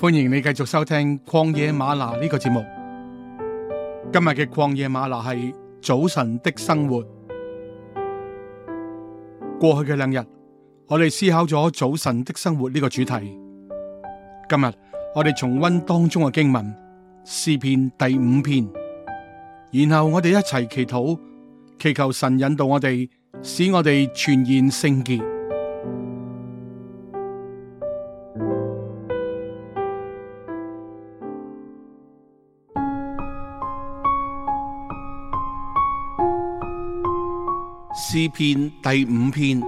歡迎你繼續收聽《曠野嗎哪》呢、這個節目。今日嘅《曠野嗎哪》係早晨的生活。過去嘅兩日，我哋思考咗早晨的生活呢、這個主題。今日我哋重溫當中嘅經文，詩篇第五篇，然後我哋一齊祈禱，祈求神引導我哋，使我哋全然聖潔。詩篇第五篇，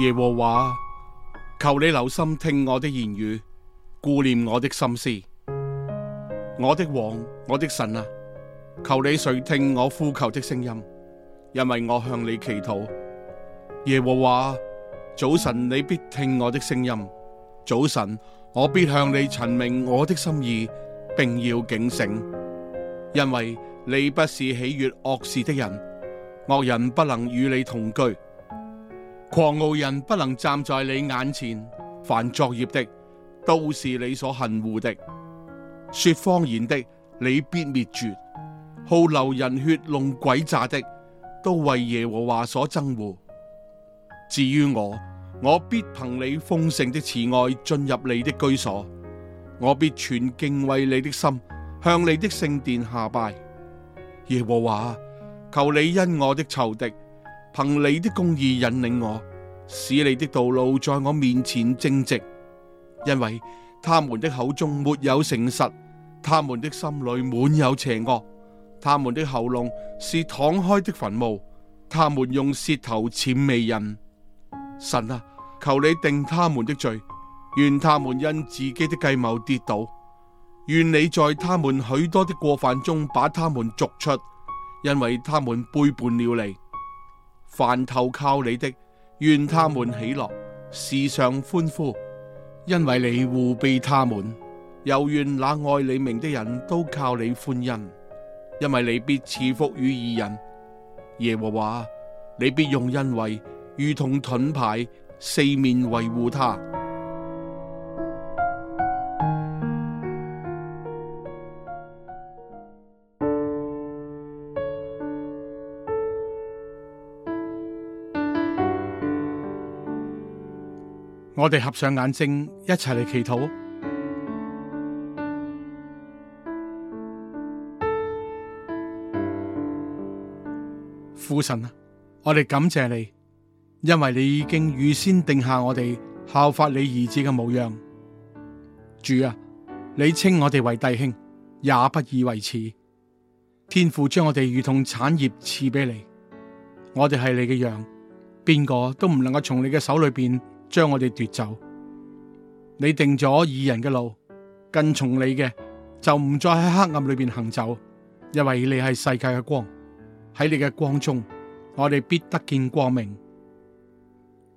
耶和華，求你留心聽我的言語，顧念我的心思。我的王，我的神啊，求你垂聽我呼求的聲音，因為我向你祈禱。耶和華，早晨你必聽我的聲音，早晨我必向你陳明我的心意，並要警醒。因為你不是喜悅惡事的人，惡人不能與你同居，狂傲人不能站在你眼前。凡作孽的，都是你所恨惡的；說謊言的，你必滅絕；好流人血、弄鬼詐的，都為耶和華所憎惡。至於我，我必憑你豐盛的慈愛進入你的居所，我必存敬畏你的心。向你的聖殿下拜，耶和華，求你因我的仇敵，憑你的公義引領我，使你的道路在我面前正直。因為他們的口中沒有誠實，他們的心裏滿有邪惡，他們的喉嚨是敞開的墳墓，他們用舌頭諂媚人。神啊，求你定他們的罪，願他們因自己的計謀跌倒。願你在他們許多的過犯中把他們逐出，因為他們背叛了你。凡投靠你的，願他們喜樂，時常歡呼，因為你護庇他們。又願那愛你名的人都靠你歡欣，因為你必賜福于義人。耶和華，你必用恩惠如同盾牌，四面維護他。我哋合上眼睛，一齊嚟祈禱。父神啊，我哋感謝你，因為你已經預先定下我哋效法你兒子嘅模樣。主啊，你稱我哋為弟兄，也不以為恥。天父將我哋如同產業賜俾你，我哋係你嘅羊，邊個都唔能夠從你嘅手裏邊，將我哋奪走，你定咗二人嘅路，跟從你嘅就唔再喺黑暗裏邊行走，因為你係世界嘅光，喺你嘅光中，我哋必得見光明。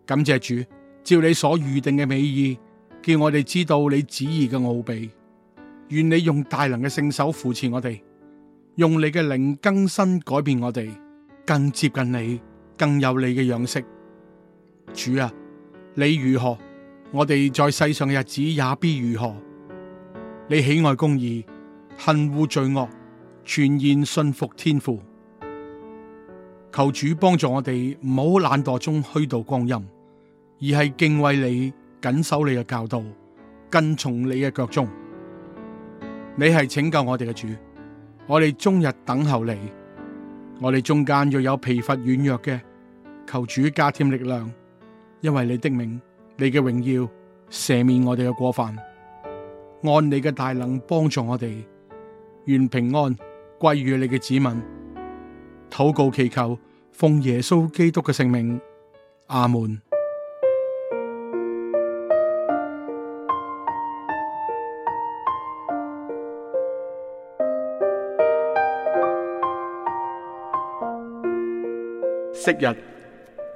感謝主，照你所預定嘅美意，叫我哋知道你旨意嘅奧秘。願你用大能嘅聖手扶持我哋，用你嘅靈更新改變我哋，更接近你，更有你嘅樣式。主啊！你如何，我哋在世上日子也必如何。你喜愛公義，恨惡罪惡，全然信服天父。求主幫助我哋，唔好懶惰中虛度光陰，而係敬畏你，緊守你嘅教導，跟從你嘅腳蹤。你係拯救我哋嘅主，我哋終日等候你。我哋中間若有疲乏軟弱嘅，求主加添力量。因為你的名，你嘅榮耀，赦免我哋嘅過犯，按你嘅大能幫助我哋，願平安歸於你嘅子民。禱告祈求，奉耶穌基督嘅聖名，阿門。昔日。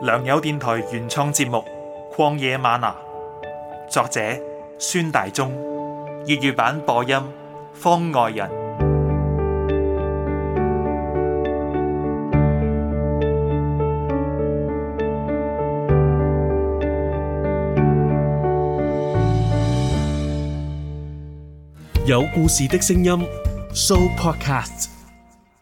良友電台原創節目《曠野嗎哪》，作者孫大中，粵語版播音方外人，有故事的聲音，Show Podcast。